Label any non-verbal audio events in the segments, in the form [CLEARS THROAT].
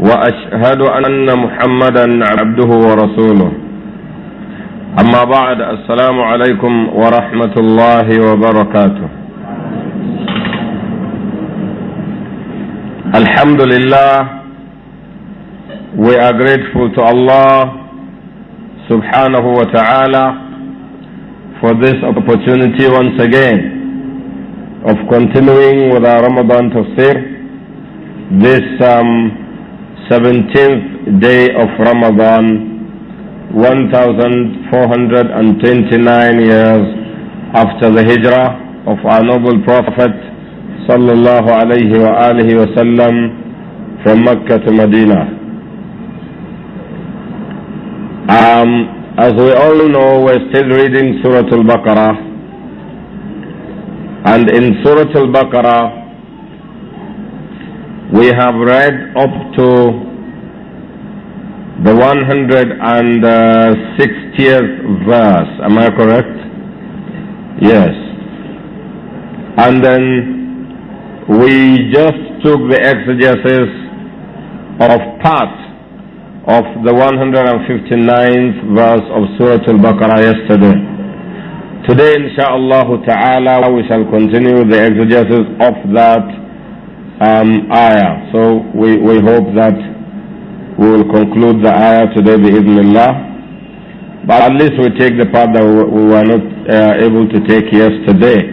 واشهد ان محمدا عبده ورسوله اما بعد السلام عليكم ورحمه الله وبركاته الحمد لله we are grateful to Allah subhanahu wa ta'ala for this opportunity once again of continuing with our Ramadan tafsir this um, 17th day of Ramadan, 1429 years after the Hijrah of our noble Prophet sallallahu alayhi wa alihi wasallam from Mecca to Medina. Um, as we all know, we're still reading Surah Al-Baqarah. And in Surah Al-Baqarah, we have read up to the 160th verse. Am I correct? Yes. And then we just took the exegesis of part of the 159th verse of Surah Al-Baqarah yesterday. Today, inshallah ta'ala, we shall continue the exegesis of that um, ayah. So we, we hope that we will conclude the ayah today, bi'idhnillah. But at least we take the part that we were not uh, able to take yesterday.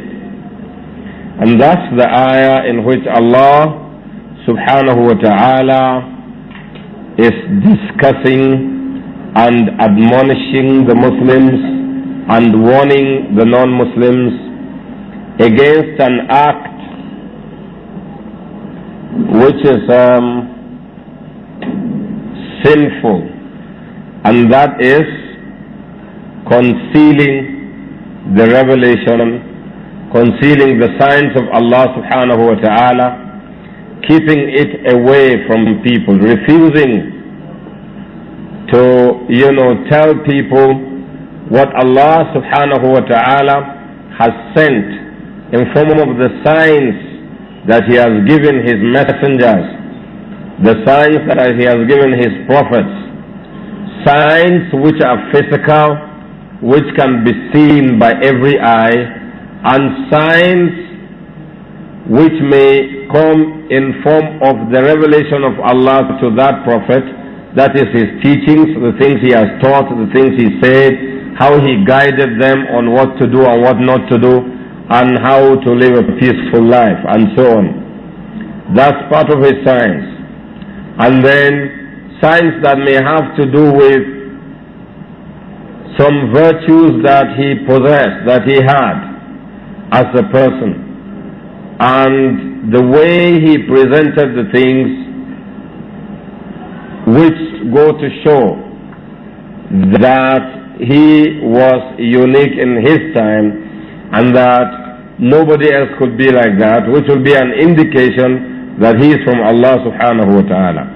And that's the ayah in which Allah subhanahu wa ta'ala is discussing and admonishing the Muslims and warning the non-Muslims against an act which is um, sinful, and that is concealing the revelation, concealing the signs of Allah subhanahu wa ta'ala, keeping it away from people, refusing to, you know, tell people what Allah subhanahu wa ta'ala has sent in form of the signs that He has given His messengers the signs that he has given his prophets, signs which are physical, which can be seen by every eye, and signs which may come in form of the revelation of Allah to that prophet, that is his teachings, the things he has taught, the things he said, how he guided them on what to do and what not to do, and how to live a peaceful life, and so on. That's part of his signs and then signs that may have to do with some virtues that he possessed, that he had as a person. And the way he presented the things which go to show that he was unique in his time and that nobody else could be like that, which will be an indication that he is from Allah subhanahu wa ta'ala.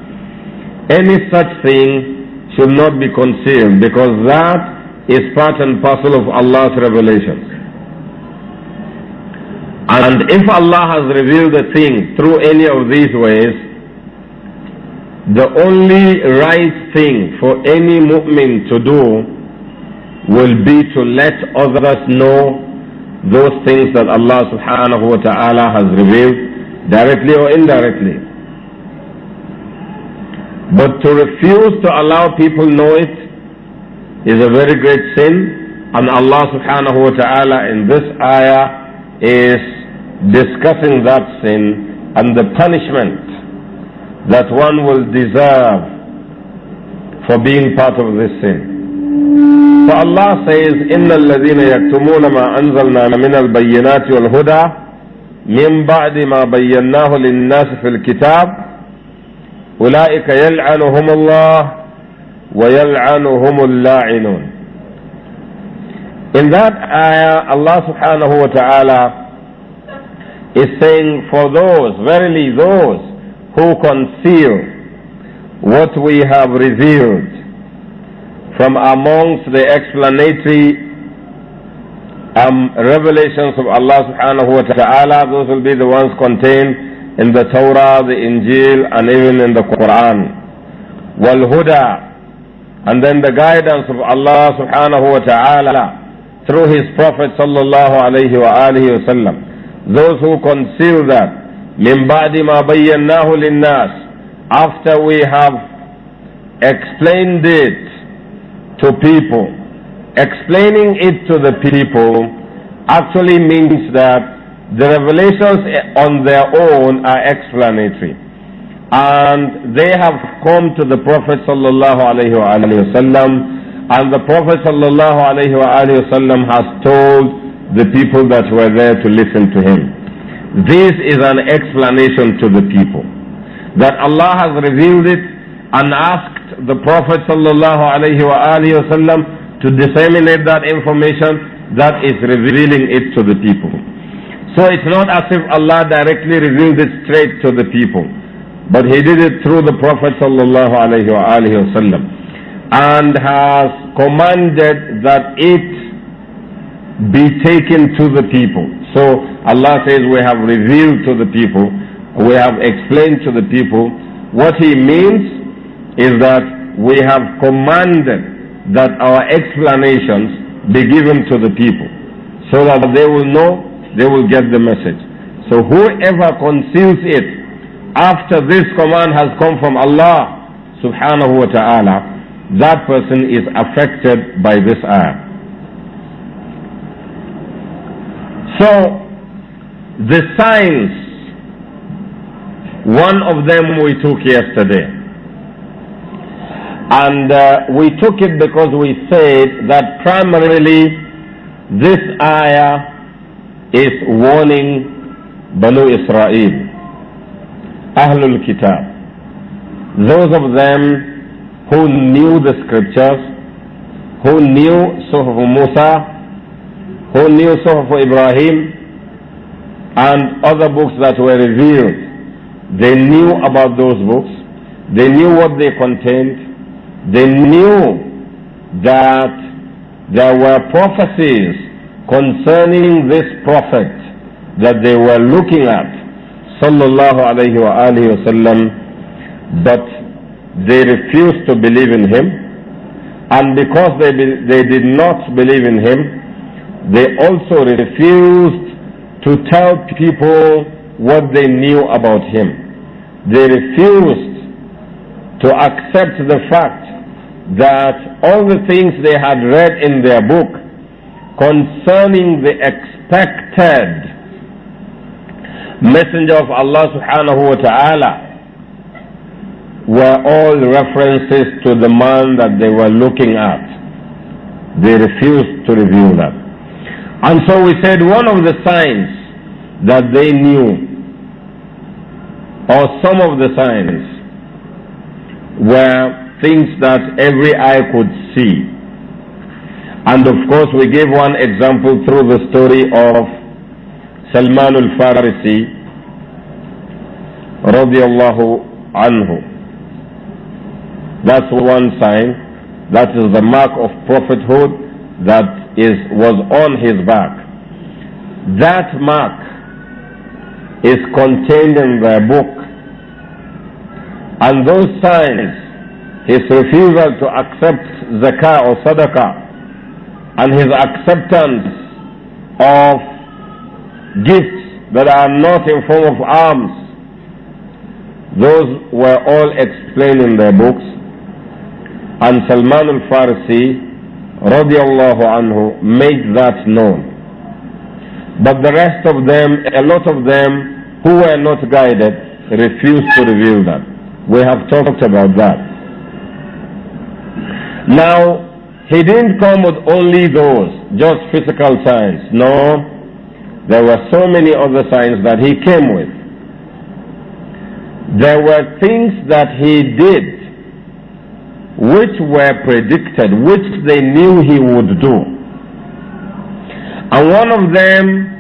Any such thing should not be concealed because that is part and parcel of Allah's revelations. And if Allah has revealed a thing through any of these ways, the only right thing for any mu'min to do will be to let others know those things that Allah subhanahu wa ta'ala has revealed directly or indirectly. But to refuse to allow people know it is a very great sin and Allah subhanahu wa ta'ala in this ayah is discussing that sin and the punishment that one will deserve for being part of this sin. So Allah says, إِنَّ الَّذِينَ يَكْتُمُونَ مَا أَنزَلْنَا مِنَ الْبَيِّنَاتِ وَالْهُدَى من بعد ما بيناه للناس في الكتاب أولئك يلعنهم الله ويلعنهم اللاعنون In that ayah, Allah subhanahu wa ta'ala is saying, For those, verily those who conceal what we have revealed from amongst the explanatory um, revelations of Allah subhanahu wa ta'ala, those will be the ones contained in the Torah, the Injil, and even in the Quran. Wal Huda, and then the guidance of Allah subhanahu wa ta'ala through His Prophet sallallahu alayhi wa alihi wa sallam. Those who conceal that, min ba'di ma bayyanahu linnas, after we have explained it to people explaining it to the people actually means that the revelations on their own are explanatory. And they have come to the Prophet sallallahu alaihi wasallam, and the Prophet sallallahu alaihi wasallam has told the people that were there to listen to him. This is an explanation to the people that Allah has revealed it and asked the Prophet sallallahu alaihi wasallam to disseminate that information, that is revealing it to the people. So it's not as if Allah directly revealed it straight to the people, but He did it through the Prophet sallallahu alaihi wasallam, and has commanded that it be taken to the people. So Allah says, we have revealed to the people, we have explained to the people. What He means is that we have commanded that our explanations be given to the people so that they will know, they will get the message. So whoever conceals it after this command has come from Allah subhanahu wa ta'ala, that person is affected by this ayah. So, the signs, one of them we took yesterday. And uh, we took it because we said that primarily this ayah is warning Banu Israel, Ahlul Kitab, those of them who knew the scriptures, who knew Suhuf Musa, who knew Suhuf Ibrahim, and other books that were revealed. They knew about those books, they knew what they contained, they knew that there were prophecies concerning this prophet that they were looking at, sallallahu alaihi wa alihi wasallam, but they refused to believe in him. And because they, be, they did not believe in him, they also refused to tell people what they knew about him. They refused to accept the fact that all the things they had read in their book concerning the expected messenger of Allah subhanahu wa ta'ala were all references to the man that they were looking at. They refused to reveal that. And so we said one of the signs that they knew, or some of the signs, were things that every eye could see. And of course, we gave one example through the story of Salman al Farisi, radiallahu anhu. That's one sign. That is the mark of prophethood that is, was on his back. That mark is contained in the book. And those signs his refusal to accept zakah or sadaqah and his acceptance of gifts that are not in form of alms, those were all explained in their books. And Salman al-Farsi, radiallahu anhu, made that known. But the rest of them, a lot of them who were not guided, refused to reveal that. We have talked about that. Now, he didn't come with only those, just physical signs. No, there were so many other signs that he came with. There were things that he did which were predicted, which they knew he would do. And one of them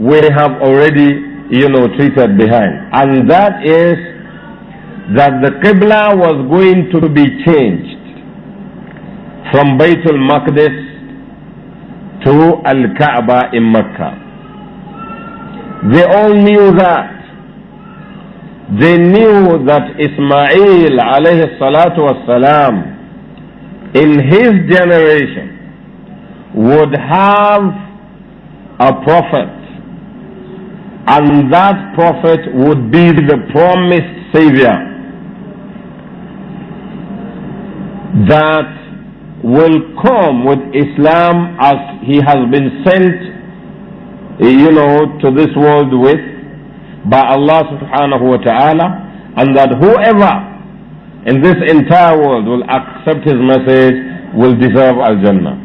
we have already, you know, treated behind. And that is that the Qibla was going to be changed from al Maqdis to Al-Kaaba in Mecca. They all knew that. They knew that Ismail alayhi salatu wasalam in his generation would have a prophet and that prophet would be the promised savior that will come with Islam as he has been sent, you know, to this world with by Allah subhanahu wa ta'ala, and that whoever in this entire world will accept his message will deserve Al Jannah.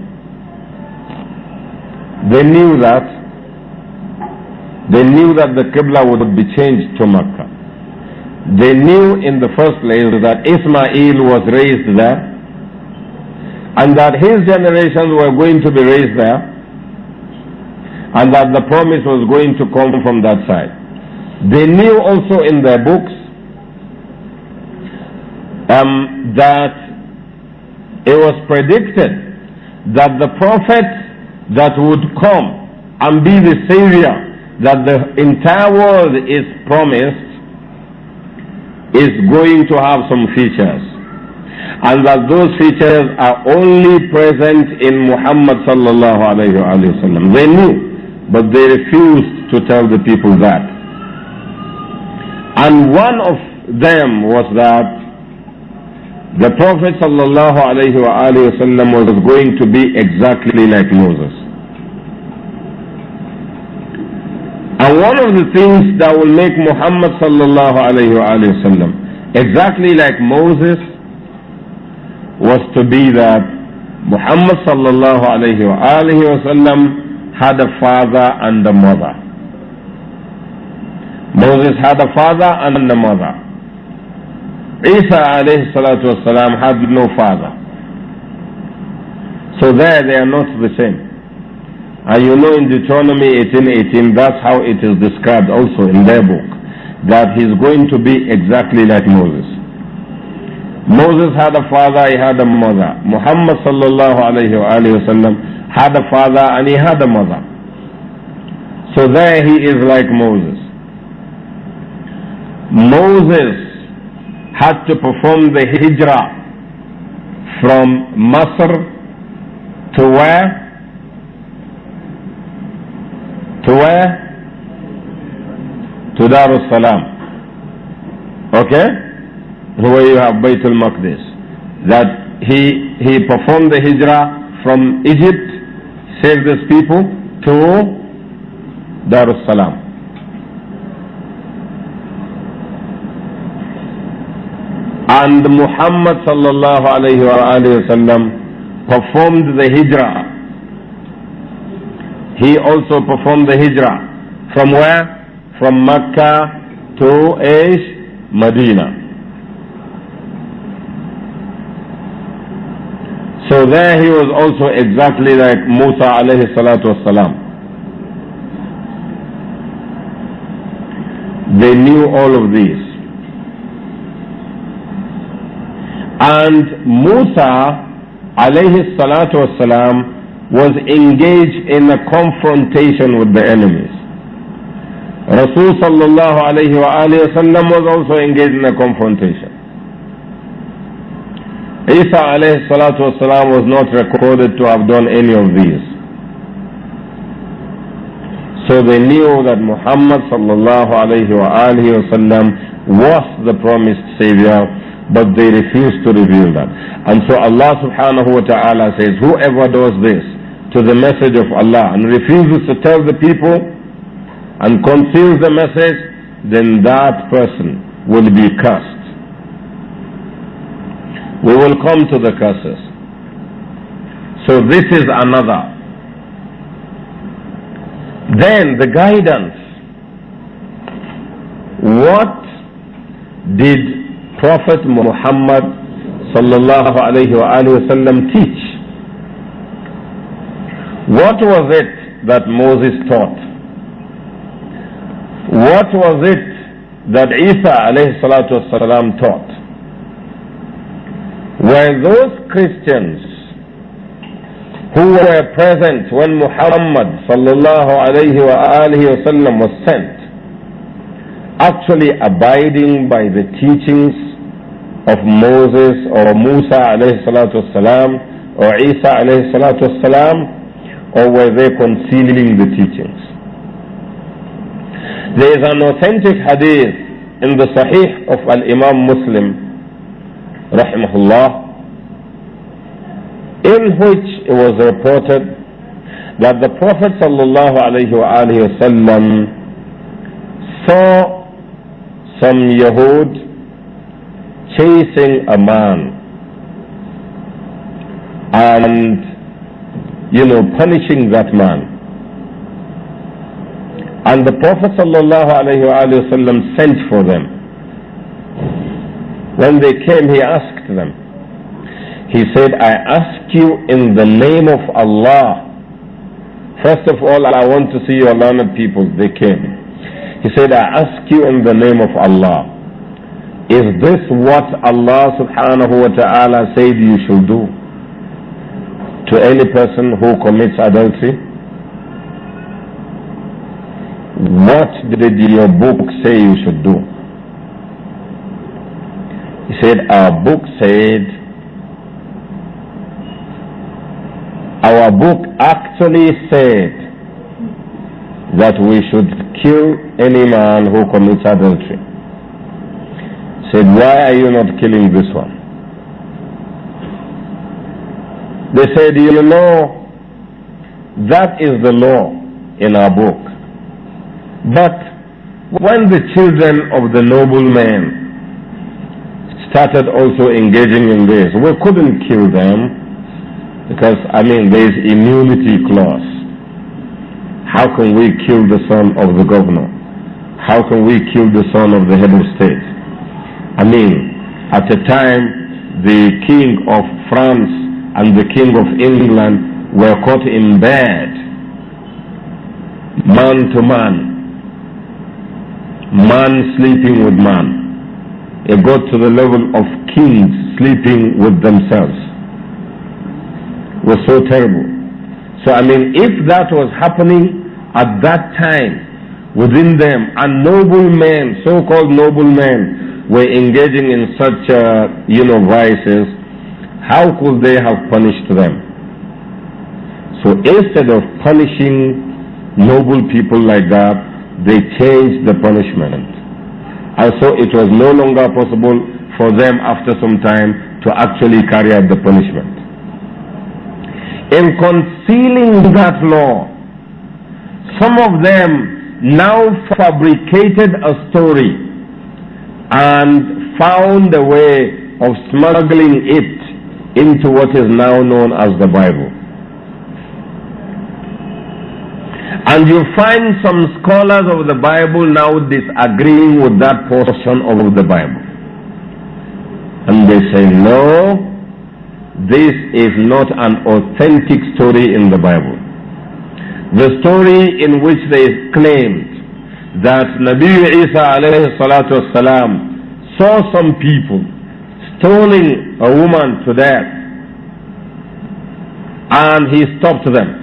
They knew that. They knew that the Qibla would be changed to Makkah. They knew in the first place that Ismail was raised there and that his generations were going to be raised there, and that the promise was going to come from that side. They knew also in their books um, that it was predicted that the prophet that would come and be the savior that the entire world is promised is going to have some features and that those features are only present in Muhammad sallallahu alayhi wa They knew, but they refused to tell the people that. And one of them was that the Prophet sallallahu alayhi wa was going to be exactly like Moses. And one of the things that will make Muhammad sallallahu alayhi wa exactly like Moses was to be that Muhammad sallallahu alayhi wa had a father and a mother. Moses had a father and a mother. Isa alayhi salatu wasalam had no father. So there they are not the same. And you know in Deuteronomy 18.18, 18, that's how it is described also in their book, that he's going to be exactly like Moses. Moses had a father, he had a mother. Muhammad sallallahu alayhi wasallam had a father and he had a mother. So there he is like Moses. Moses had to perform the hijrah from Masr to where? To where? To Darussalam. Okay? the you have Baytul Maqdis, that he, he performed the hijrah from Egypt, saved his people, to Darussalam, And Muhammad sallallahu alayhi wa alayhi wasallam performed the hijrah. He also performed the hijrah. From where? From Makkah to Aish, Medina. So there he was also exactly like Musa alayhi salatu wasalam. They knew all of these. And Musa alayhi salatu wasalam was engaged in a confrontation with the enemies. Rasul sallallahu alayhi wa was also engaged in a confrontation. Isa alayhi salatu wasalam was not recorded to have done any of these. So they knew that Muhammad sallallahu alayhi wasallam was the promised savior, but they refused to reveal that. And so Allah subhanahu wa ta'ala says, whoever does this to the message of Allah and refuses to tell the people and conceals the message, then that person will be cursed. We will come to the curses. So this is another. Then the guidance. What did Prophet Muhammad sallallahu alayhi wa teach? What was it that Moses taught? What was it that Isa alayhi salatu taught? were those Christians who were present when Muhammad sallallahu alayhi wa was sent, actually abiding by the teachings of Moses or Musa alayhi salatu wasalam or Isa alayhi salatu wasalam, or were they concealing the teachings? There is an authentic hadith in the Sahih of Al-Imam Muslim rahimahullah, in which it was reported that the Prophet sallallahu alaihi wasallam saw some Yahud chasing a man and you know punishing that man and the Prophet sallallahu alaihi wasallam sent for them when they came, he asked them. He said, I ask you in the name of Allah. First of all, I want to see your learned people. They came. He said, I ask you in the name of Allah. Is this what Allah subhanahu wa ta'ala said you should do to any person who commits adultery? What did your book say you should do? He said, Our book said, our book actually said that we should kill any man who commits adultery. Said, why are you not killing this one? They said, you know, that is the law in our book. But when the children of the man." started also engaging in this. We couldn't kill them because, I mean, there is immunity clause. How can we kill the son of the governor? How can we kill the son of the head of state? I mean, at the time, the king of France and the king of England were caught in bed, man to man, man sleeping with man. It got to the level of kings sleeping with themselves. It was so terrible. So, I mean, if that was happening at that time within them, and noble men, so called noble men, were engaging in such, uh, you know, vices, how could they have punished them? So instead of punishing noble people like that, they changed the punishment. And so it was no longer possible for them after some time to actually carry out the punishment. In concealing that law, some of them now fabricated a story and found a way of smuggling it into what is now known as the Bible. And you find some scholars of the Bible now disagreeing with that portion of the Bible. And they say, no, this is not an authentic story in the Bible. The story in which they claimed that Nabi Isa alayhi salatu wasalam saw some people stoning a woman to death and he stopped them.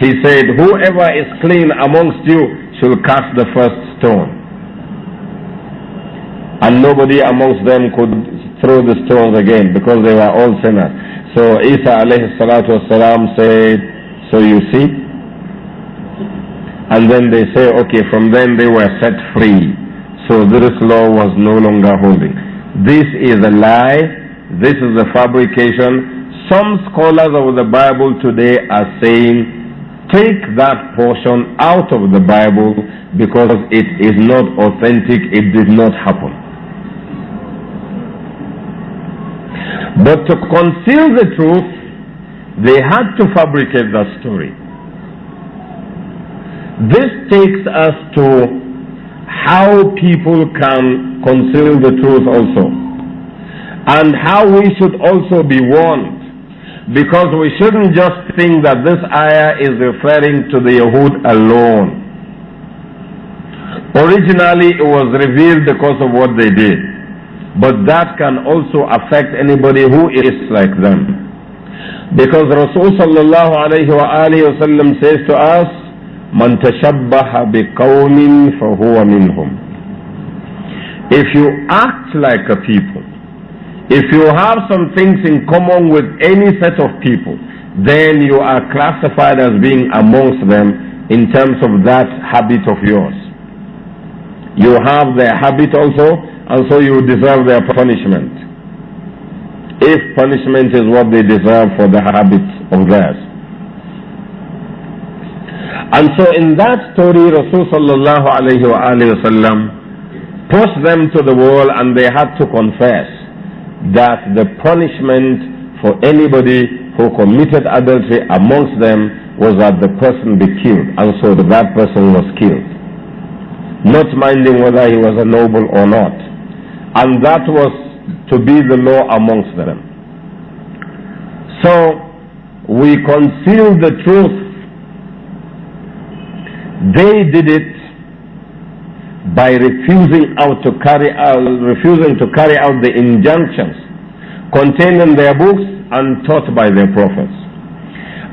He said, Whoever is clean amongst you shall cast the first stone. And nobody amongst them could throw the stones again because they were all sinners. So Isa alayhi salatu wasalam said, So you see? And then they say, Okay, from then they were set free. So this law was no longer holding. This is a lie. This is a fabrication. Some scholars of the Bible today are saying take that portion out of the Bible because it is not authentic, it did not happen. But to conceal the truth, they had to fabricate that story. This takes us to how people can conceal the truth also, and how we should also be warned because we shouldn't just think that this ayah is referring to the Yahud alone. Originally, it was revealed because of what they did. But that can also affect anybody who is like them. Because Rasulullah sallallahu alayhi wa alayhi wa sallam says to us, من تشبه بقوم فهو منهم. If you act like a people, if you have some things in common with any set of people, then you are classified as being amongst them in terms of that habit of yours. You have their habit also, and so you deserve their punishment. If punishment is what they deserve for the habit of theirs. And so in that story, Rasulullah sallallahu alayhi wa pushed them to the wall and they had to confess that the punishment for anybody who committed adultery amongst them was that the person be killed, and so the bad person was killed, not minding whether he was a noble or not. And that was to be the law amongst them. So we concealed the truth. They did it by refusing out to carry out, refusing to carry out the injunctions contained in their books and taught by their prophets.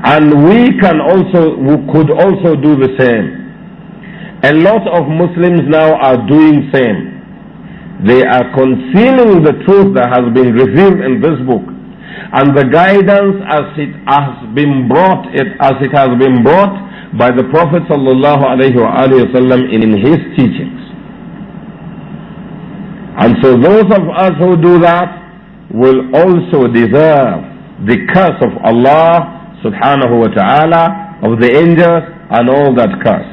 And we can also, we could also do the same. A lot of Muslims now are doing same. They are concealing the truth that has been revealed in this book and the guidance as it has been brought, it, as it has been brought by the Prophet sallallahu alaihi wasallam in his teachings. And so those of us who do that will also deserve the curse of Allah subhanahu wa ta'ala, of the angels and all that curse.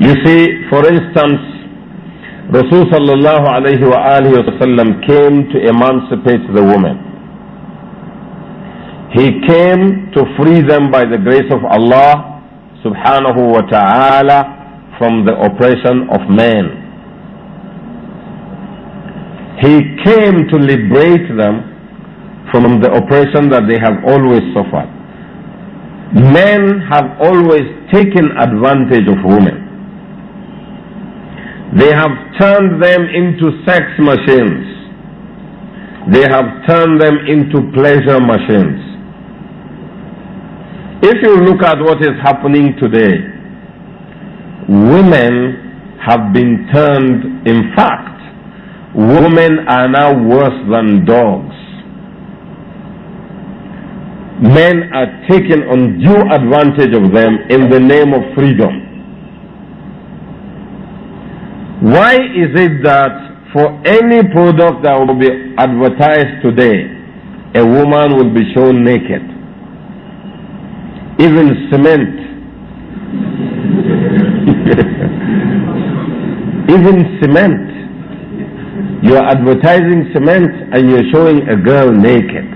You see, for instance, Rasul sallallahu alayhi wa alihi wasallam came to emancipate the women. He came to free them by the grace of Allah subhanahu wa ta'ala from the oppression of men, He came to liberate them from the oppression that they have always suffered. Men have always taken advantage of women. They have turned them into sex machines. They have turned them into pleasure machines. If you look at what is happening today, women have been turned, in fact, women are now worse than dogs. Men are taking undue advantage of them in the name of freedom. Why is it that for any product that will be advertised today, a woman will be shown naked? Even cement. [LAUGHS] Even cement. You are advertising cement and you're showing a girl naked,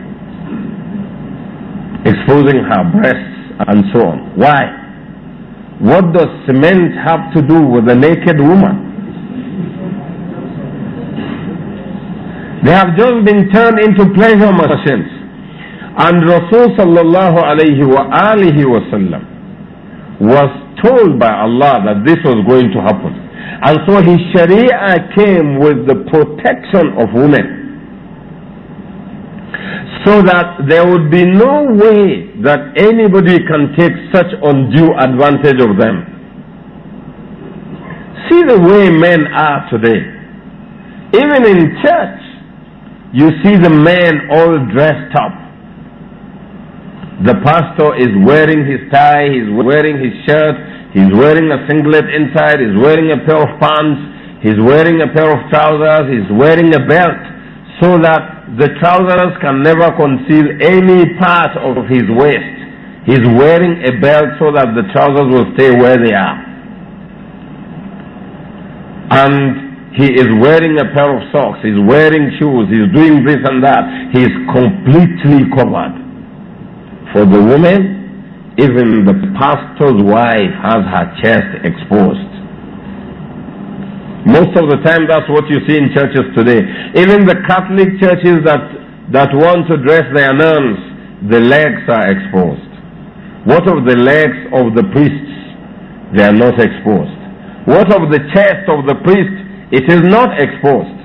exposing her breasts and so on. Why? What does cement have to do with a naked woman? They have just been turned into pleasure machines. And Rasul sallallahu alayhi wa alihi wasallam was told by Allah that this was going to happen. And so his sharia came with the protection of women. So that there would be no way that anybody can take such undue advantage of them. See the way men are today. Even in church, you see the men all dressed up the pastor is wearing his tie, he's wearing his shirt, he's wearing a singlet inside, he's wearing a pair of pants, he's wearing a pair of trousers, he's wearing a belt, so that the trousers can never conceal any part of his waist. He's wearing a belt so that the trousers will stay where they are. And he is wearing a pair of socks, he's wearing shoes, he's doing this and that. He is completely covered. For the woman, even the pastor's wife has her chest exposed. Most of the time, that's what you see in churches today. Even the Catholic churches that, that want to dress their nuns, the legs are exposed. What of the legs of the priests? They are not exposed. What of the chest of the priest? It is not exposed.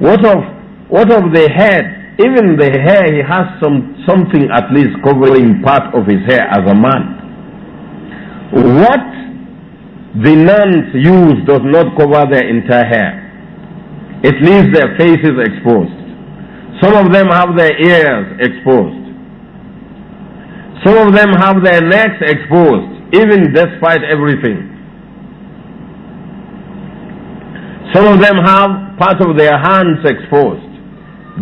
What of, what of the head? Even the hair, he has some, something at least covering part of his hair as a man. What the nuns use does not cover their entire hair. It leaves their faces exposed. Some of them have their ears exposed. Some of them have their necks exposed, even despite everything. Some of them have part of their hands exposed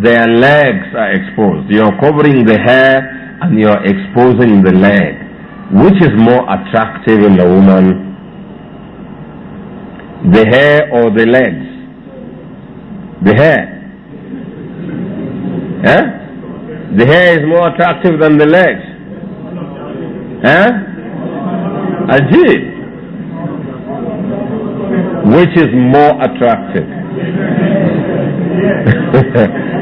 their legs are exposed. You're covering the hair and you're exposing the leg. Which is more attractive in a woman? The hair or the legs? The hair. Eh? The hair is more attractive than the legs. Eh? Ajib. Which is more attractive? [LAUGHS]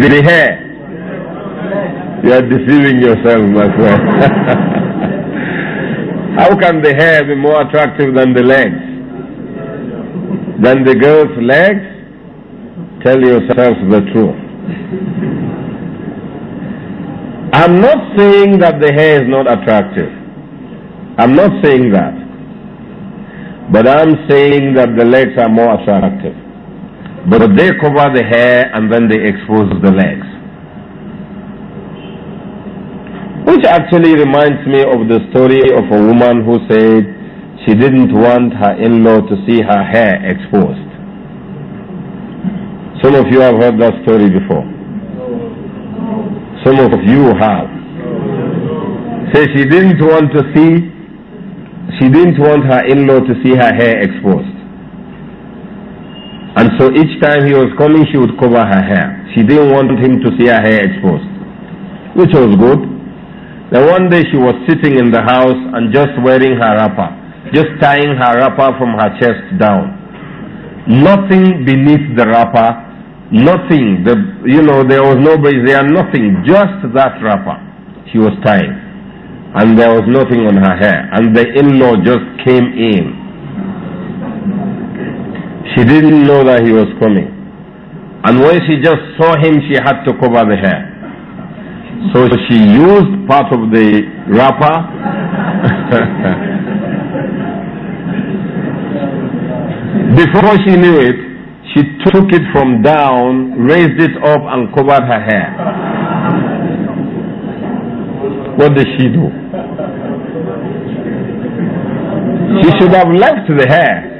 Did hair. You are deceiving yourself, my friend. [LAUGHS] How can the hair be more attractive than the legs? Than the girl's legs? Tell yourselves the truth. I'm not saying that the hair is not attractive. I'm not saying that. But I'm saying that the legs are more attractive. But if they cover the hair and then they expose the legs. Which actually reminds me of the story of a woman who said she didn't want her in-law to see her hair exposed. Some of you have heard that story before. Some of you have. Say so she didn't want to see, she didn't want her in-law to see her hair exposed. And so each time he was coming, she would cover her hair. She didn't want him to see her hair exposed, which was good. Then one day she was sitting in the house and just wearing her wrapper, just tying her wrapper from her chest down. Nothing beneath the wrapper, nothing. The, you know, there was no there, nothing. Just that wrapper she was tying. And there was nothing on her hair. And the in-law just came in she didn't know that he was coming. And when she just saw him, she had to cover the hair. So she used part of the wrapper. [LAUGHS] Before she knew it, she took it from down, raised it up, and covered her hair. What did she do? She should have left the hair.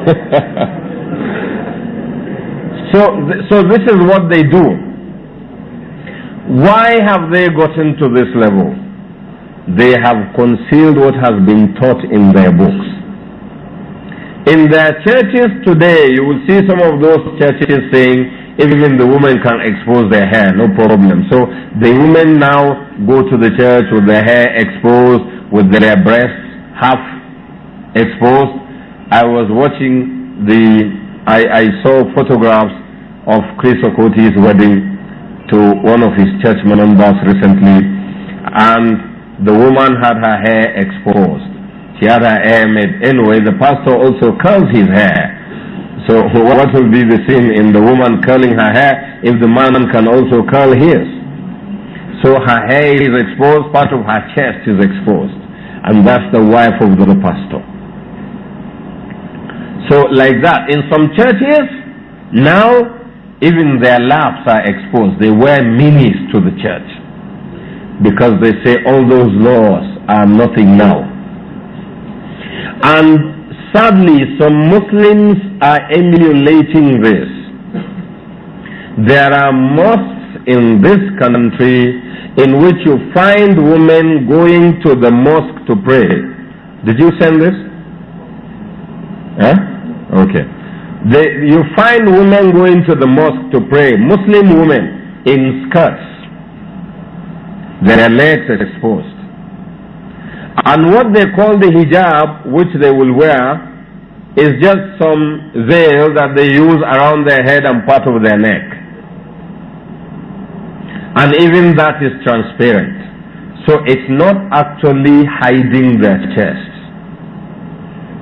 [LAUGHS] so, th so this is what they do. Why have they gotten to this level? They have concealed what has been taught in their books. In their churches today, you will see some of those churches saying, even the women can expose their hair, no problem. So the women now go to the church with their hair exposed, with their breasts half exposed, I was watching the, I, I saw photographs of Chris Okoti's wedding to one of his church members recently, and the woman had her hair exposed. She had her hair made. Anyway, the pastor also curls his hair. So [LAUGHS] what will be the sin in the woman curling her hair if the man can also curl his? So her hair is exposed, part of her chest is exposed. And that's the wife of the pastor. So like that, in some churches, now even their laps are exposed. They wear minis to the church because they say all those laws are nothing now. And sadly, some Muslims are emulating this. There are mosques in this country in which you find women going to the mosque to pray. Did you send this? Okay. They, you find women going to the mosque to pray, Muslim women in skirts, their legs are exposed. And what they call the hijab, which they will wear, is just some veil that they use around their head and part of their neck. And even that is transparent. So it's not actually hiding their chest.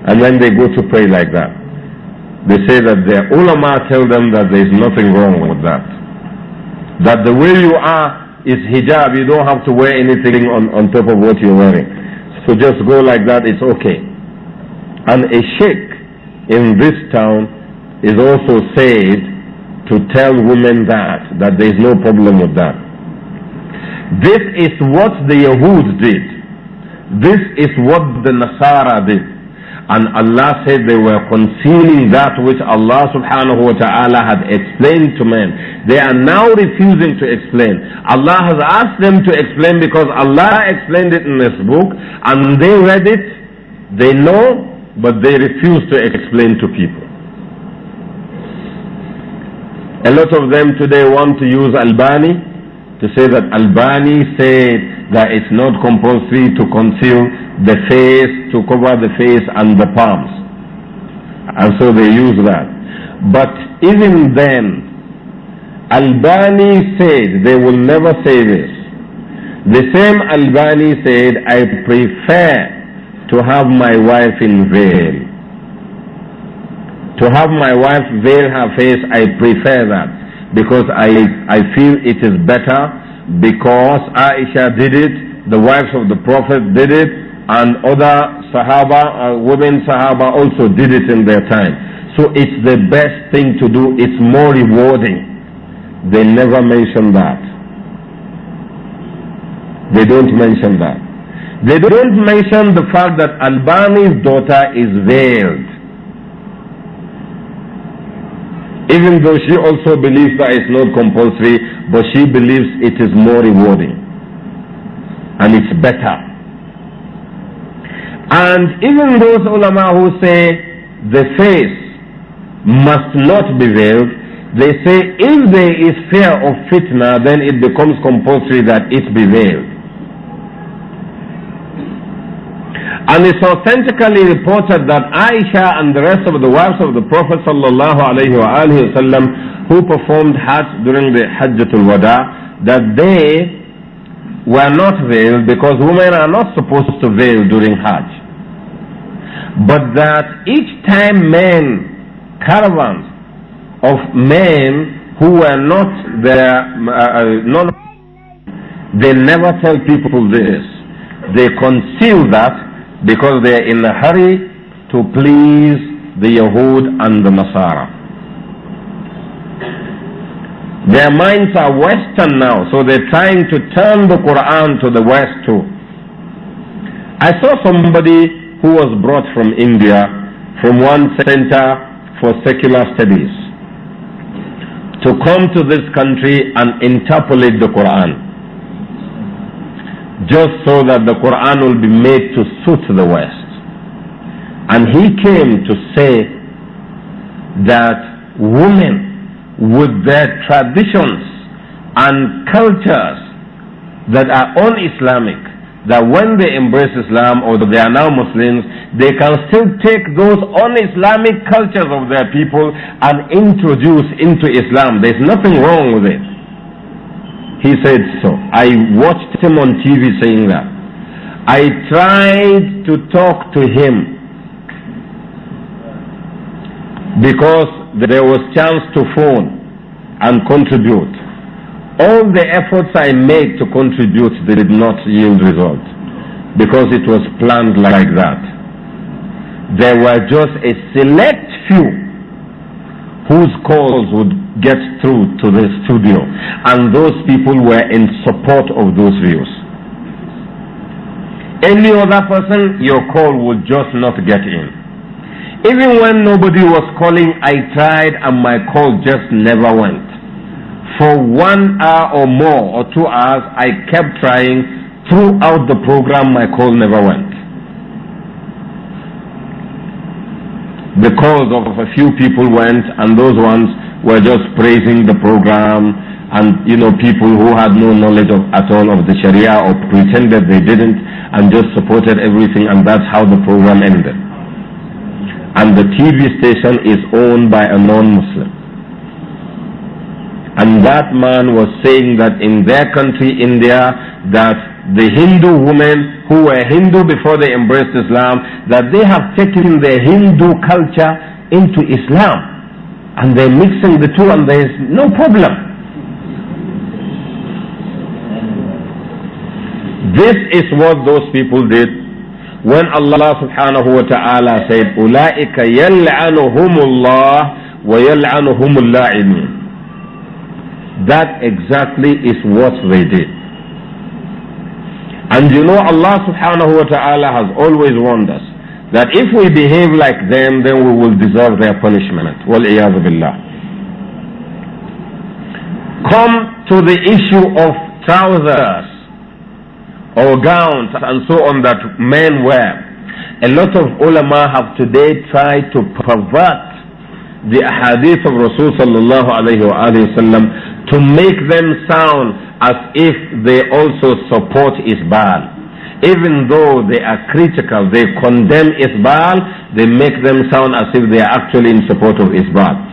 And then they go to pray like that. They say that their ulama tell them that there is nothing wrong with that. That the way you are is hijab. You don't have to wear anything on, on top of what you're wearing. So just go like that. It's okay. And a sheikh in this town is also said to tell women that, that there is no problem with that. This is what the Yahud did. This is what the Nasara did. And Allah said they were concealing that which Allah subhanahu wa ta'ala had explained to men. They are now refusing to explain. Allah has asked them to explain because Allah explained it in His book and they read it, they know, but they refuse to explain to people. A lot of them today want to use Albani to say that Albani said that it's not compulsory to conceal the face, to cover the face and the palms. And so they use that. But even then, Albani said, they will never say this. The same Albani said, I prefer to have my wife in veil. To have my wife veil her face, I prefer that because I, I feel it is better because Aisha did it, the wives of the Prophet did it, and other Sahaba, uh, women Sahaba also did it in their time. So it's the best thing to do. It's more rewarding. They never mention that. They don't mention that. They don't mention the fact that Albani's daughter is veiled. Even though she also believes that it's not compulsory, but she believes it is more rewarding and it's better. And even those ulama who say the face must not be veiled, they say if there is fear of fitna, then it becomes compulsory that it be veiled. And it's authentically reported that Aisha and the rest of the wives of the Prophet وسلم, who performed Hajj during the Hajjatul Wada, that they were not veiled because women are not supposed to veil during Hajj. But that each time men, caravans of men who were not there, uh, uh they never tell people this. They conceal that because they are in a hurry to please the Yahud and the Nasara. Their minds are Western now, so they're trying to turn the Quran to the West too. I saw somebody who was brought from India from one center for secular studies to come to this country and interpolate the Quran just so that the Quran will be made to suit the West. And he came to say that women with their traditions and cultures that are un-Islamic, that when they embrace Islam or they are now Muslims, they can still take those un-Islamic cultures of their people and introduce into Islam. There's nothing wrong with it. He said so. I watched him on TV saying that. I tried to talk to him because there was chance to phone and contribute. All the efforts I made to contribute they did not yield result because it was planned like that. There were just a select few whose calls would get through to the studio. And those people were in support of those views. Any other person, your call would just not get in. Even when nobody was calling, I tried and my call just never went. For one hour or more, or two hours, I kept trying. Throughout the program, my call never went. The calls of a few people went, and those ones were just praising the program and you know people who had no knowledge of, at all of the sharia or pretended they didn't and just supported everything and that's how the program ended and the tv station is owned by a non-muslim and that man was saying that in their country india that the hindu women who were hindu before they embraced islam that they have taken their hindu culture into islam and they're mixing the two and there's no problem. This is what those people did when Allah subhanahu wa ta'ala said, أُولَٰئِكَ يَلْعَنُهُمُ اللَّهُ وَيَلْعَنُهُمُ اللَّاعِنُونَ That exactly is what they did. And you know Allah subhanahu wa ta'ala has always warned us that if we behave like them, then we will deserve their punishment. وَالْعِيَاذُ Come to the issue of trousers or gowns and so on that men wear. A lot of ulama have today tried to pervert the hadith of Rasulullah sallallahu alayhi wa to make them sound as if they also support Isbal even though they are critical, they condemn Isbal, they make them sound as if they are actually in support of Isbal.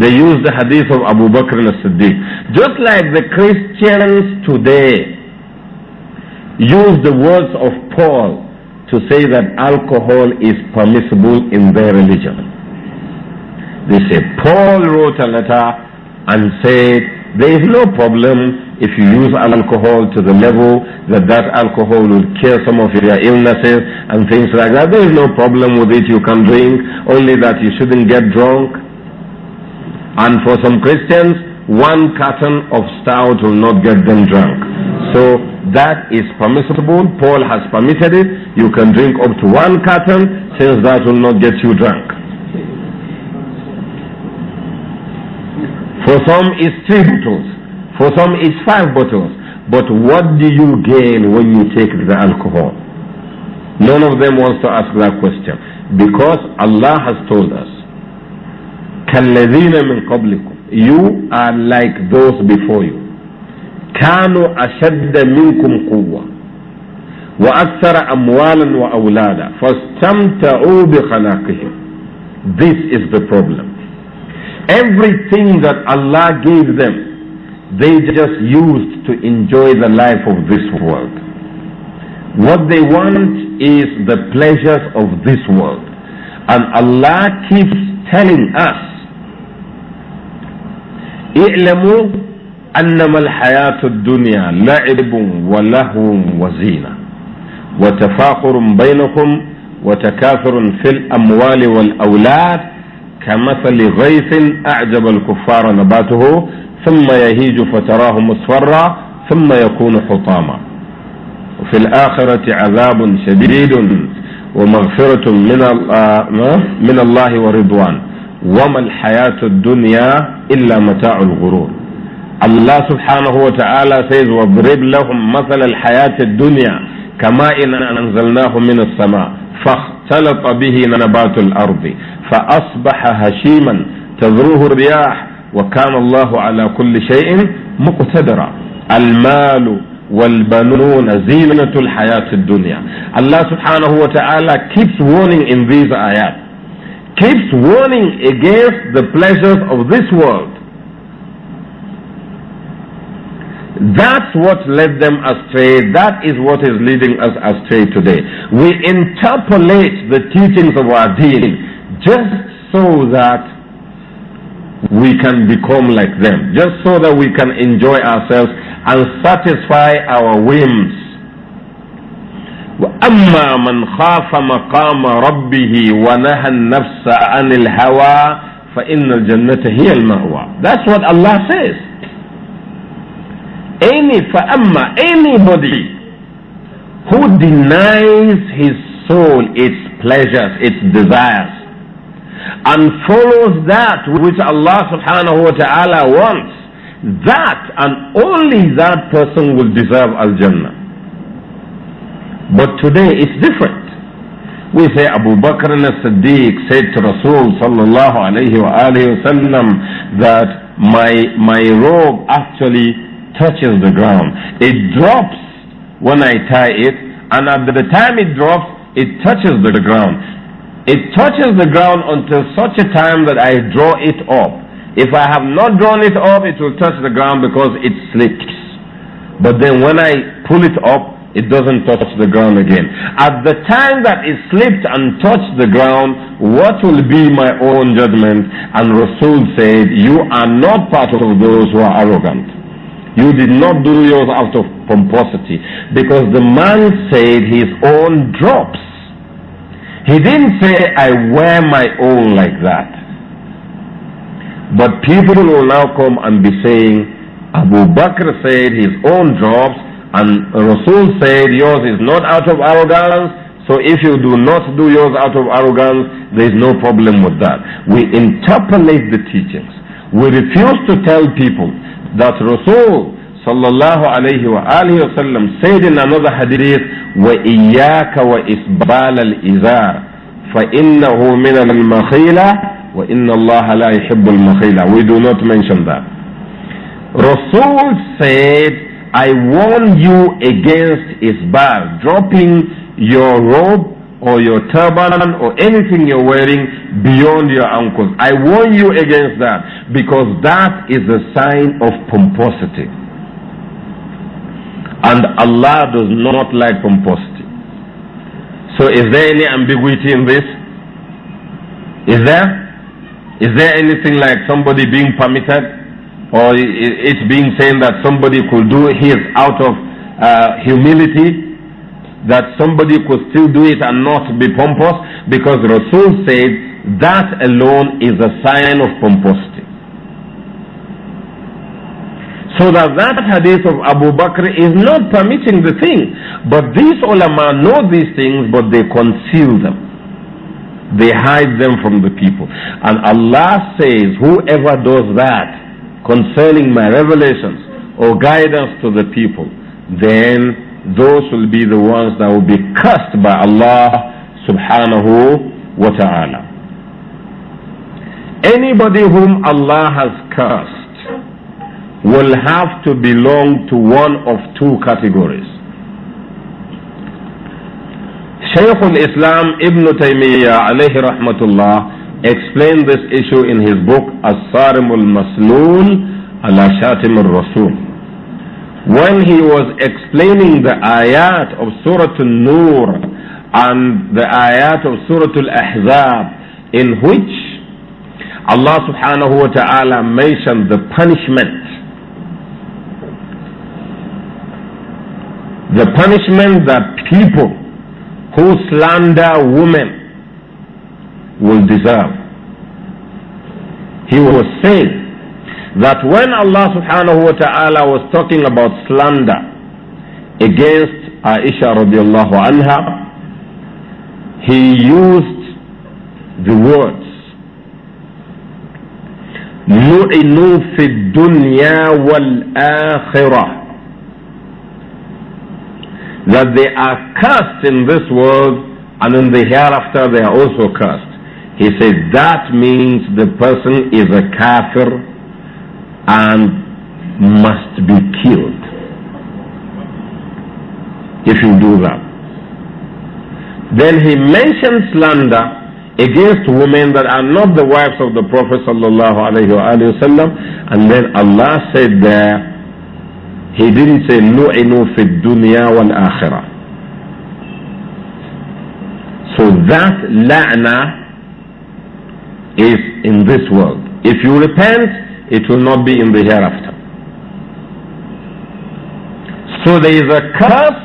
They use the hadith of Abu Bakr as-Siddiq. Just like the Christians today use the words of Paul to say that alcohol is permissible in their religion. They say Paul wrote a letter and said there is no problem if you use alcohol to the level that that alcohol will cure some of your illnesses and things like that. There is no problem with it. You can drink, only that you shouldn't get drunk. And for some Christians, one carton of stout will not get them drunk. So that is permissible. Paul has permitted it. You can drink up to one carton since that will not get you drunk. For some is three bottles. For some is five bottles. But what do you gain when you take the alcohol? None of them wants to ask that question. Because Allah has told us, You are like those before you. كَانُوا أَشَدَّ مِنْكُمْ قُوَّةً وَأَكْثَرَ أَمْوَالًا وَأَوْلَادًا فَاسْتَمْتَعُوا بِخَلَاقِهِمْ This is the problem. Everything that Allah gave them, they just used to enjoy the life of this world. What they want is the pleasures of this world. And Allah keeps telling us, اعلموا أنما الحياة الدنيا لعب ولهو وزينة وتفاخر بينكم وتكاثر في الأموال والأولاد كمثل غيث أعجب الكفار نباته ثم يهيج فتراه مصفرا ثم يكون حطاما وفي الآخرة عذاب شديد ومغفرة من آه، من الله ورضوان وما الحياة الدنيا إلا متاع الغرور الله سبحانه وتعالى says واضرب لهم مثل الحياة الدنيا كما إن أنزلناه من السماء فاختلط به نبات الأرض فأصبح هشيما تذروه الرياح وكان الله على كل شيء مقتدرا المال والبنون زينة الحياة الدنيا Allah سبحانه وتعالى keeps warning in these ayat keeps warning against the pleasures of this world That's what led them astray. That is what is leading us astray today. We interpolate the teachings of our deen just so that we can become like them, just so that we can enjoy ourselves and satisfy our whims. وأما من خاف مقام ربه ونهى النفس عن الهوى فإن الجنة هي المأوى. That's what Allah says. Any فأما anybody who denies his soul its pleasures, its desires, and follows that which Allah subhanahu wa ta'ala wants, that and only that person will deserve Al Jannah. But today it's different. We say Abu Bakr al Siddiq said to Rasul sallallahu alayhi wa alayhi wasallam that my, my robe actually touches the ground. It drops when I tie it, and at the time it drops, it touches the ground. It touches the ground until such a time that I draw it up. If I have not drawn it up, it will touch the ground because it slips. But then when I pull it up, it doesn't touch the ground again. At the time that it slipped and touched the ground, what will be my own judgment? And Rasul said, You are not part of those who are arrogant. You did not do yours out of pomposity. Because the man said his own drops. He didn't say, I wear my own like that. But people will now come and be saying, Abu Bakr said his own jobs, and Rasul said yours is not out of arrogance, so if you do not do yours out of arrogance, there is no problem with that. We interpolate the teachings. We refuse to tell people that Rasul صلى الله عليه وآله وسلم سيدنا said in another hadith وَإِيَّاكَ وَإِسْبَالَ الْإِزَارِ فَإِنَّهُ مِنَ الْمَخِيلَةِ وَإِنَّ اللَّهَ لَا يُحِبُّ الْمَخِيلَةِ We do not mention that. Rasul said, I warn you against Isbal, dropping your robe or your turban or anything you're wearing beyond your ankles. I warn you against that because that is a sign of pomposity. And Allah does not like pomposity. So is there any ambiguity in this? Is there? Is there anything like somebody being permitted or it's being saying that somebody could do his out of uh, humility? That somebody could still do it and not be pompous? Because Rasul said that alone is a sign of pomposity. So that that hadith of Abu Bakr is not permitting the thing. But these ulama know these things, but they conceal them. They hide them from the people. And Allah says, whoever does that concerning my revelations or guidance to the people, then those will be the ones that will be cursed by Allah subhanahu wa ta'ala. Anybody whom Allah has cursed, will have to belong to one of two categories. Shaykh al-Islam Ibn Taymiyyah alayhi rahmatullah explained this issue in his book As-Sarim al-Masnoon ala Shatim al-Rasul. When he was explaining the ayat of Surah al nur and the ayat of Surah Al-Ahzab in which Allah subhanahu wa ta'ala mentioned the punishment The punishment that people who slander women will deserve. He was saying that when Allah subhanahu wa ta'ala was talking about slander against Aisha radiallahu anha, he used the words لعنوا في الدنيا والآخرة that they are cursed in this world and in the hereafter they are also cursed. He said that means the person is a kafir and must be killed if you do that. Then he mentioned slander against women that are not the wives of the Prophet sallallahu alaihi wasallam, and then Allah said there he didn't say lu'inu fi dunya wal akhirah. So that la'na is in this world. If you repent, it will not be in the hereafter. So there is a curse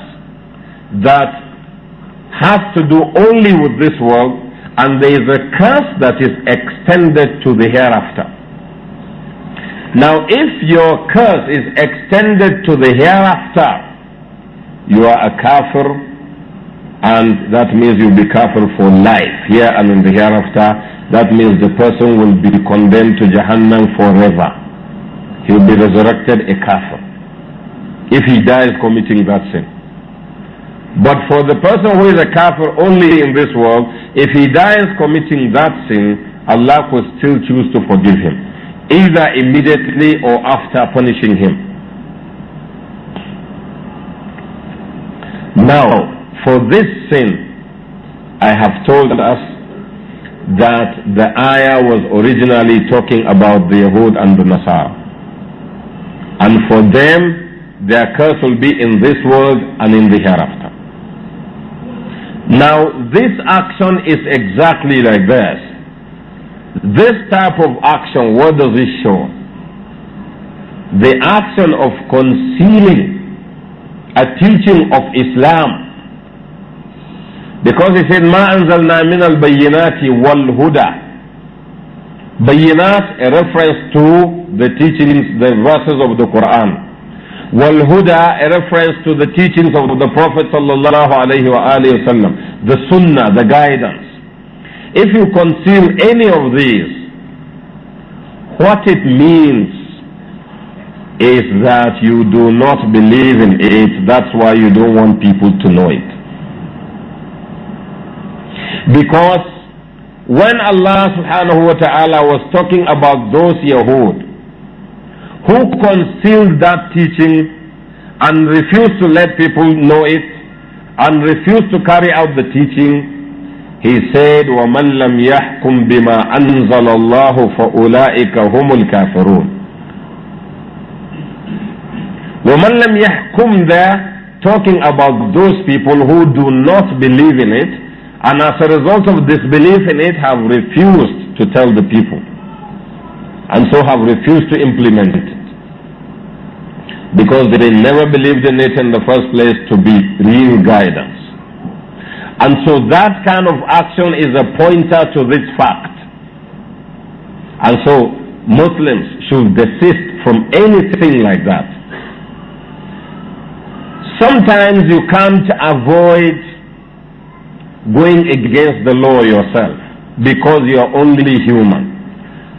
that has to do only with this world, and there is a curse that is extended to the hereafter. Now, if your curse is extended to the hereafter, you are a kafir, and that means you'll be kafir for life, here and in the hereafter. That means the person will be condemned to Jahannam forever. He'll be resurrected a kafir if he dies committing that sin. But for the person who is a kafir only in this world, if he dies committing that sin, Allah will still choose to forgive him either immediately or after punishing him. Now, for this sin, I have told us that the ayah was originally talking about the Yahud and the Nasara. And for them, their curse will be in this world and in the hereafter. Now, this action is exactly like this. This type of action, what does it show? The action of concealing a teaching of Islam. Because he said, Ma anzalna min al bayinati wal huda. Bayinat, a reference to the teachings, the verses of the Quran. Wal Huda, a reference to the teachings of the Prophet sallallahu alayhi wa The Sunnah, the guidance. If you consume any of these, what it means is that you do not believe in it. That's why you don't want people to know it. Because when Allah subhanahu wa ta'ala was talking about those Yahud who concealed that teaching and refused to let people know it and refused to carry out the teaching, he said, وَمَنْ لَمْ يَحْكُمْ بِمَا أَنْزَلَ اللَّهُ فَأُولَٰئِكَ هُمُ الْكَافِرُونَ وَمَنْ لَمْ يَحْكُمْ there, talking about those people who do not believe in it, and as a result of disbelief in it have refused to tell the people, and so have refused to implement it because they never believed in it in the first place to be real guidance. And so that kind of action is a pointer to this fact. And so Muslims should desist from anything like that. Sometimes you can't avoid going against the law yourself because you're only human.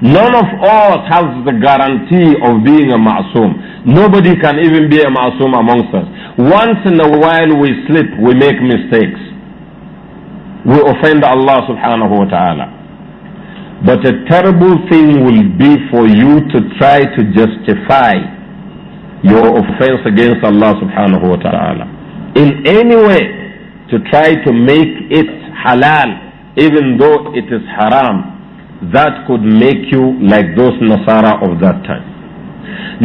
None of us has the guarantee of being a masum. Nobody can even be a masum amongst us. Once in a while we slip, we make mistakes will offend Allah subhanahu wa ta'ala. But a terrible thing will be for you to try to justify your offense against Allah subhanahu wa ta'ala. In any way, to try to make it halal, even though it is haram, that could make you like those Nasara of that time.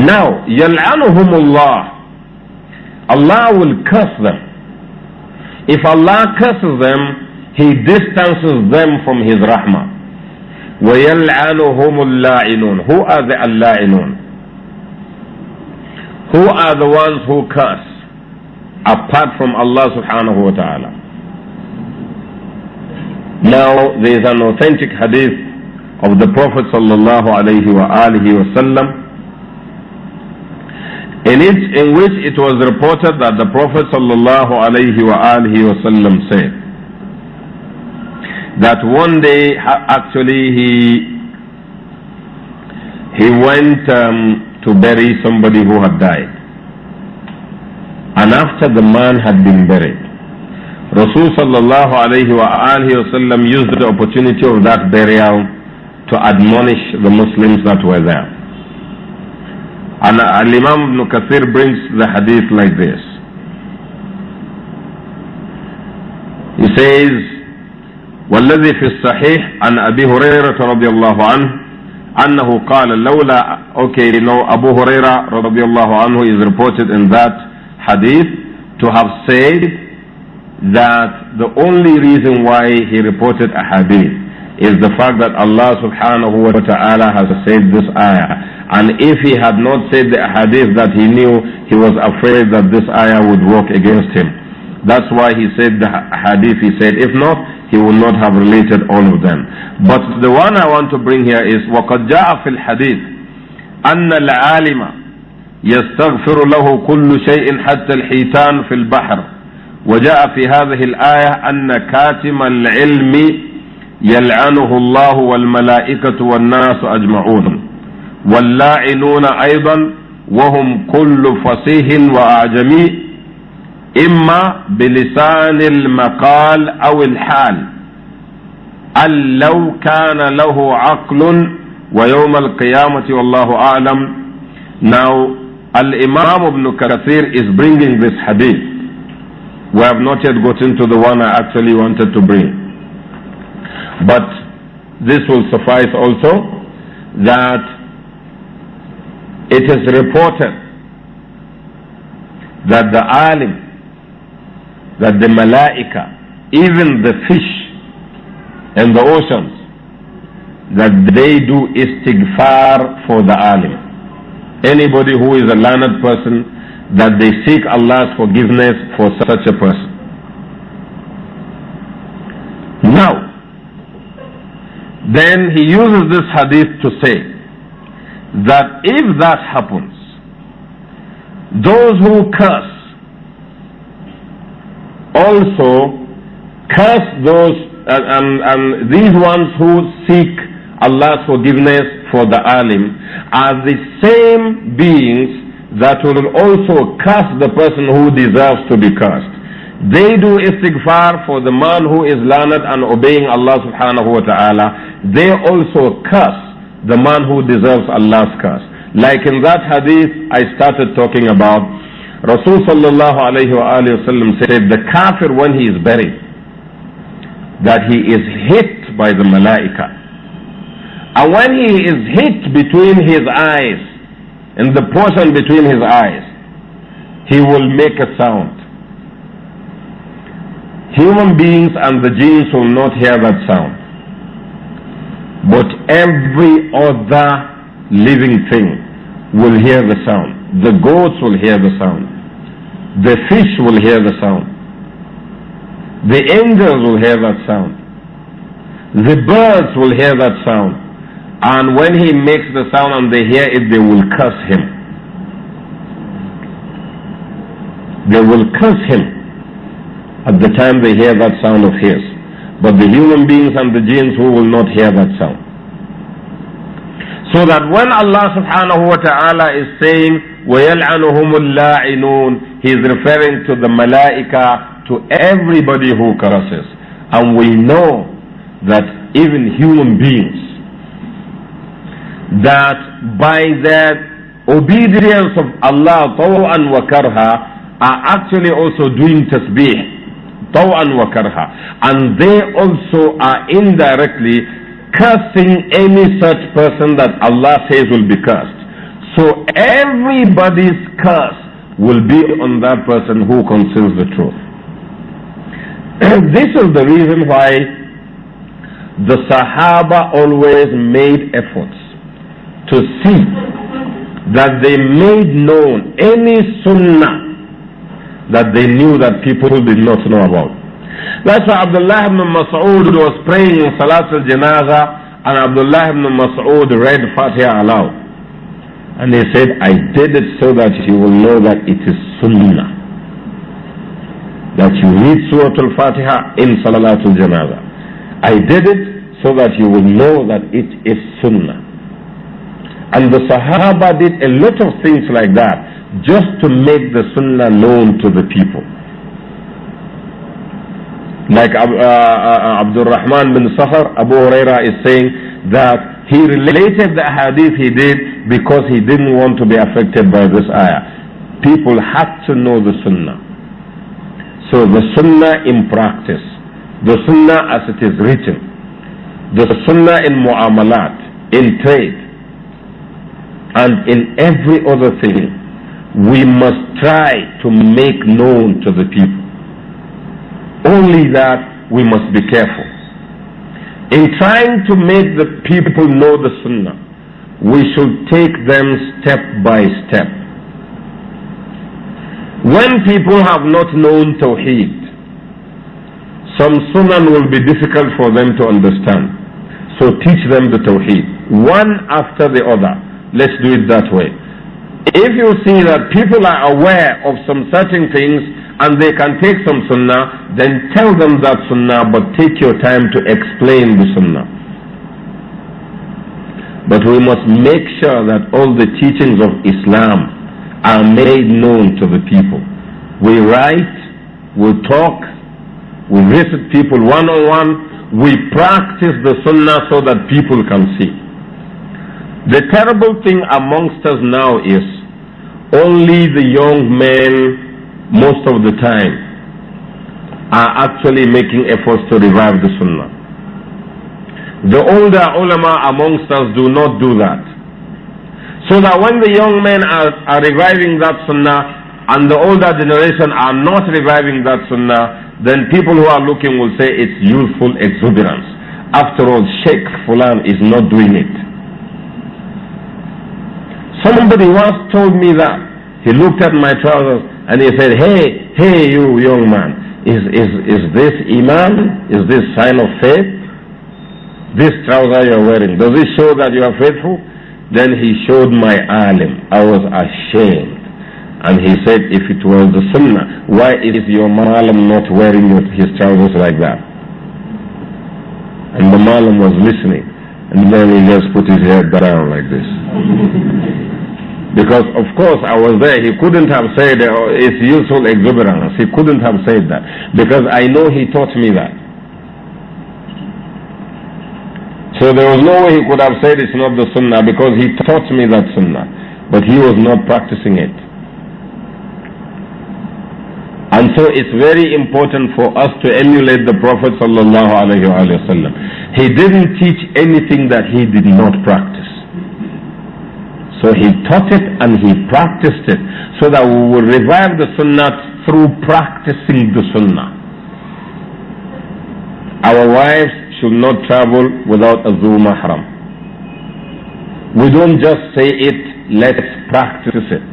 Now, يَلْعَنُهُمُ Allah. Allah will curse them. If Allah curses them, he distances them from His rahmah. وَيَلْعَنُهُمُ اللَّاعِنُونَ Who are the اللَّاعِنُونَ? Who are the ones who curse apart from Allah subhanahu wa ta'ala? Now there is an authentic hadith of the Prophet sallallahu alayhi wa alihi wasallam in, it, in which it was reported that the Prophet sallallahu alayhi wa alihi wasallam said that one day actually he he went um, to bury somebody who had died and after the man had been buried Rasul sallallahu alayhi wa wasallam used the opportunity of that burial to admonish the Muslims that were there and uh, Al-Imam ibn Kathir brings the hadith like this he says والذي في الصحيح عن أبي هريرة رضي الله عنه أنه قال لولا okay no أبو هريرة رضي الله عنه is reported in that hadith to have said that the only reason why he reported a hadith is the fact that Allah subhanahu wa ta'ala has said this ayah and if he had not said the hadith that he knew he was afraid that this ayah would work against him that's why he said the hadith he said if not he will not have related all of them. But the one I want to bring here is وَقَدْ جَاءَ فِي الْحَدِيثِ أَنَّ الْعَالِمَ يَسْتَغْفِرُ لَهُ كُلُّ شَيْءٍ حَتَّى الْحِيتَانُ فِي الْبَحْرِ وجاء في هذه الآية أن كاتم العلم يلعنه الله والملائكة والناس أجمعون واللاعنون أيضا وهم كل فصيح وأعجمي إما بلسان المقال أو الحال أن لو كان له عقل ويوم القيامة والله أعلم Now Al-Imam Ibn Kathir is bringing this hadith We have not yet gotten to the one I actually wanted to bring But this will suffice also that it is reported that the alim that the malaika, even the fish and the oceans, that they do istighfar for the alim. Anybody who is a learned person, that they seek Allah's forgiveness for such a person. Now, then he uses this hadith to say that if that happens, those who curse also curse those and, and, and these ones who seek Allah's forgiveness for the alim are the same beings that will also curse the person who deserves to be cursed. They do istighfar for the man who is learned and obeying Allah subhanahu wa ta'ala. They also curse the man who deserves Allah's curse. Like in that hadith I started talking about, Rasul sallallahu alayhi said, the kafir when he is buried, that he is hit by the malaika. And when he is hit between his eyes, in the portion between his eyes, he will make a sound. Human beings and the jinn will not hear that sound. But every other living thing will hear the sound. The goats will hear the sound. The fish will hear the sound. The angels will hear that sound. The birds will hear that sound. And when he makes the sound and they hear it, they will curse him. They will curse him at the time they hear that sound of his. But the human beings and the jinns who will not hear that sound. So that when Allah subhanahu wa ta'ala is saying, وَيَلْعَنُهُمُ اللَّاعِنُونَ he is referring to the malaika, to everybody who curses, And we know that even human beings, that by their obedience of Allah, taw'an wa karha, are actually also doing tasbih, taw'an wa karha. And they also are indirectly cursing any such person that Allah says will be cursed. So everybody's curse will be on that person who conceals the truth. [CLEARS THROAT] this is the reason why the Sahaba always made efforts to see that they made known any sunnah that they knew that people did not know about. That's why Abdullah ibn Mas'ud was praying in Salat al janaza and Abdullah ibn Mas'ud read Fatiha aloud. And they said, I did it so that you will know that it is sunnah. That you read Surah Al-Fatiha in Salatul Janaza. I did it so that you will know that it is sunnah. And the Sahaba did a lot of things like that just to make the sunnah known to the people. Like uh, uh, Abdul Rahman bin Sahar, Abu Huraira is saying that he related the hadith he did because he didn't want to be affected by this ayah. People have to know the sunnah. So the sunnah in practice, the sunnah as it is written, the sunnah in mu'amalat, in trade, and in every other thing, we must try to make known to the people. Only that we must be careful. In trying to make the people know the sunnah, we should take them step by step. When people have not known Tawheed, some sunan will be difficult for them to understand. So teach them the Tawheed, one after the other. Let's do it that way. If you see that people are aware of some certain things and they can take some sunnah, then tell them that sunnah, but take your time to explain the sunnah. But we must make sure that all the teachings of Islam are made known to the people. We write, we talk, we visit people one on one, we practice the sunnah so that people can see. The terrible thing amongst us now is only the young men, most of the time, are actually making efforts to revive the sunnah. The older ulama amongst us do not do that. So that when the young men are, are reviving that sunnah and the older generation are not reviving that sunnah, then people who are looking will say it's youthful exuberance. After all, Sheikh Fulan is not doing it. Somebody once told me that. He looked at my trousers and he said, Hey, hey, you young man, is, is, is this Iman? Is this sign of faith? this trouser you're wearing, does it show that you are faithful? Then he showed my alim. I was ashamed. And he said, if it was the sunnah, why is your malam not wearing his trousers like that? And the malam was listening. And then he just put his head down like this. [LAUGHS] because, of course, I was there. He couldn't have said, oh, it's useful exuberance. He couldn't have said that. Because I know he taught me that. So there was no way he could have said it's not the sunnah because he taught me that sunnah. But he was not practicing it. And so it's very important for us to emulate the Prophet sallallahu alaihi wasallam. He didn't teach anything that he did not practice. So he taught it and he practiced it so that we will revive the sunnah through practicing the sunnah. Our wives should not travel without a haram. Mahram. We don't just say it, let's practice it.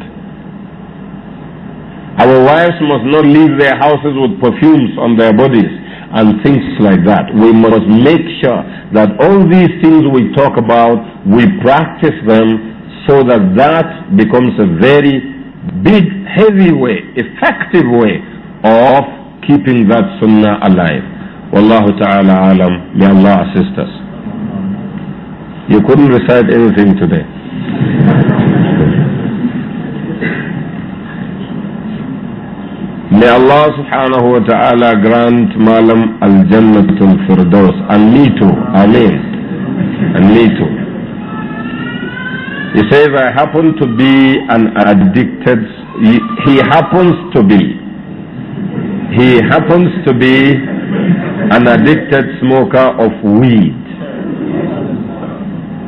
Our wives must not leave their houses with perfumes on their bodies and things like that. We must make sure that all these things we talk about, we practice them so that that becomes a very big, heavy way, effective way of keeping that sunnah alive. Wallahu ta'ala alam. May Allah assist us. You couldn't recite anything today. May Allah subhanahu wa ta'ala grant Malam al Jannatul Firdaus and me too. Ameen. And me too. He says, I happen to be an addicted, he happens to be, he happens to be an addicted smoker of weed.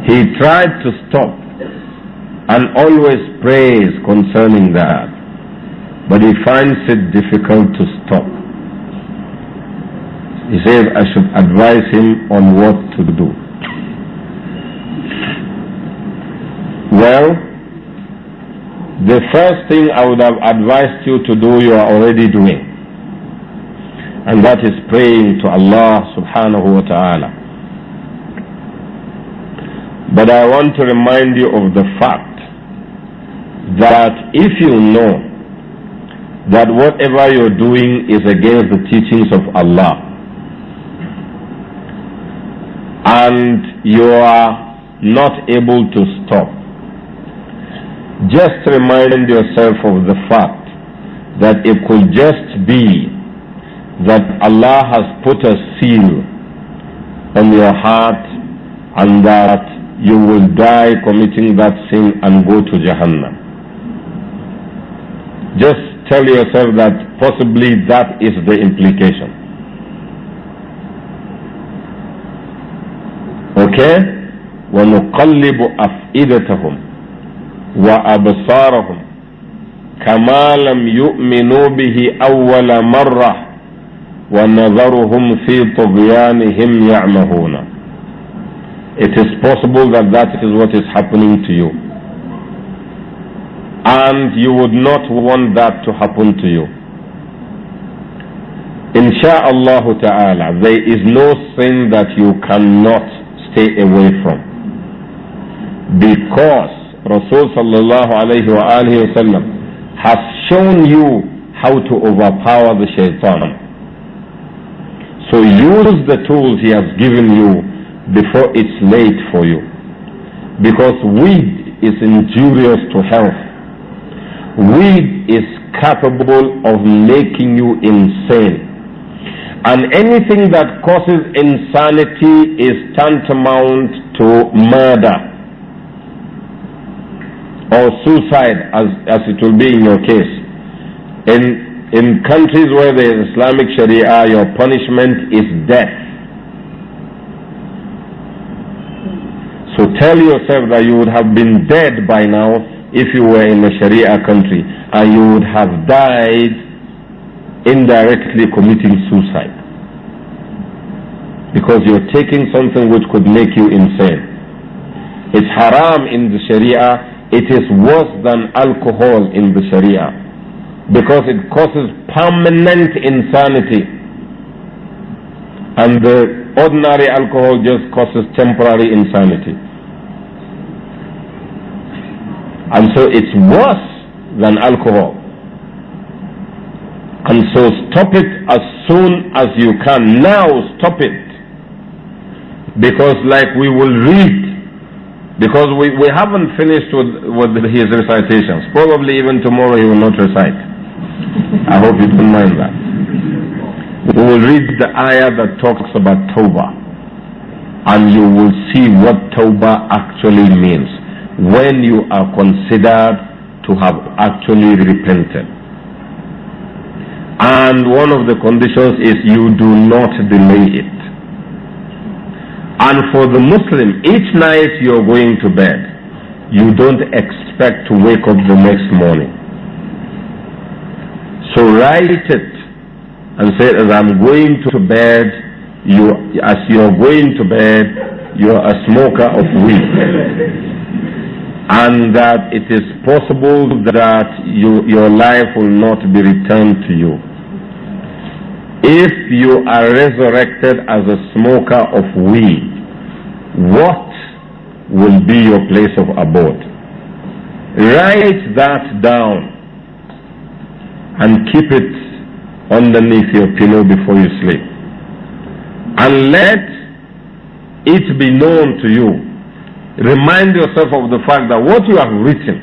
He tried to stop and always prays concerning that, but he finds it difficult to stop. He says, I should advise him on what to do. Well, the first thing I would have advised you to do, you are already doing and that is praying to Allah subhanahu wa ta'ala. But I want to remind you of the fact that if you know that whatever you're doing is against the teachings of Allah and you are not able to stop, just remind yourself of the fact that it could just be that Allah has put a seal on your heart and that you will die committing that sin and go to Jahannam. Just tell yourself that possibly that is the implication. Okay? ونقلب أفئدتهم وأبصارهم كما لم يؤمنوا به أول مرة وَنَظَرُهُمْ فِي طُغْيَانِهِمْ يَعْمَهُونَ It is possible that that is what is happening to you. And you would not want that to happen to you. Insha'Allah ta'ala, there is no sin that you cannot stay away from. Because Rasul sallallahu alayhi wa has shown you how to overpower the shaitan. So use the tools he has given you before it's late for you. Because weed is injurious to health. Weed is capable of making you insane. And anything that causes insanity is tantamount to murder or suicide as, as it will be in your case. In in countries where there is Islamic Sharia, your punishment is death. So tell yourself that you would have been dead by now if you were in a Sharia country and you would have died indirectly committing suicide. Because you're taking something which could make you insane. It's haram in the Sharia. It is worse than alcohol in the Sharia because it causes permanent insanity. And the ordinary alcohol just causes temporary insanity. And so it's worse than alcohol. And so stop it as soon as you can. Now stop it. Because like we will read because we, we haven't finished with, with his recitations. Probably even tomorrow he will not recite. I hope you don't mind that. We will read the ayah that talks about Tawbah and you will see what Tawbah actually means when you are considered to have actually repented. And one of the conditions is you do not delay it. And for the Muslim, each night you're going to bed, you don't expect to wake up the next morning. So write it and say, as I'm going to bed, you, as you're going to bed, you're a smoker of weed. and that it is possible that you, your life will not be returned to you. If you are resurrected as a smoker of weed, what will be your place of abode? Write that down and keep it underneath your pillow before you sleep. And let it be known to you. Remind yourself of the fact that what you have written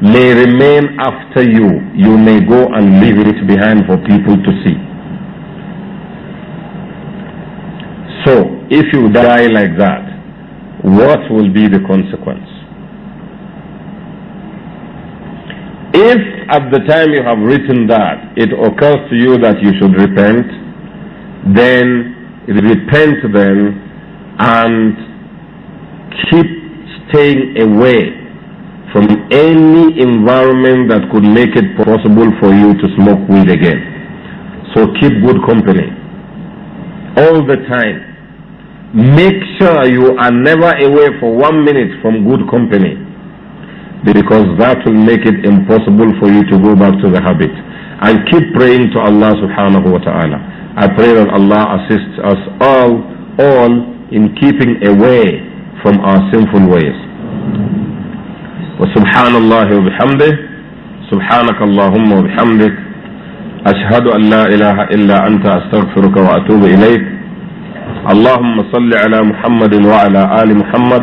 may remain after you. You may go and leave it behind for people to see. So, if you die like that, what will be the consequence? If at the time you have written that, it occurs to you that you should repent, then repent then and keep staying away from any environment that could make it possible for you to smoke weed again. So keep good company all the time. Make sure you are never away for one minute from good company because that will make it impossible for you to go back to the habit. And keep praying to Allah subhanahu wa ta'ala. I pray that Allah assists us all, all in keeping away from our sinful ways. وسبحان الله وبحمده سبحانك اللهم وبحمدك أشهد أن لا إله إلا أنت أستغفرك وأتوب إليك اللهم صل على محمد وعلى آل محمد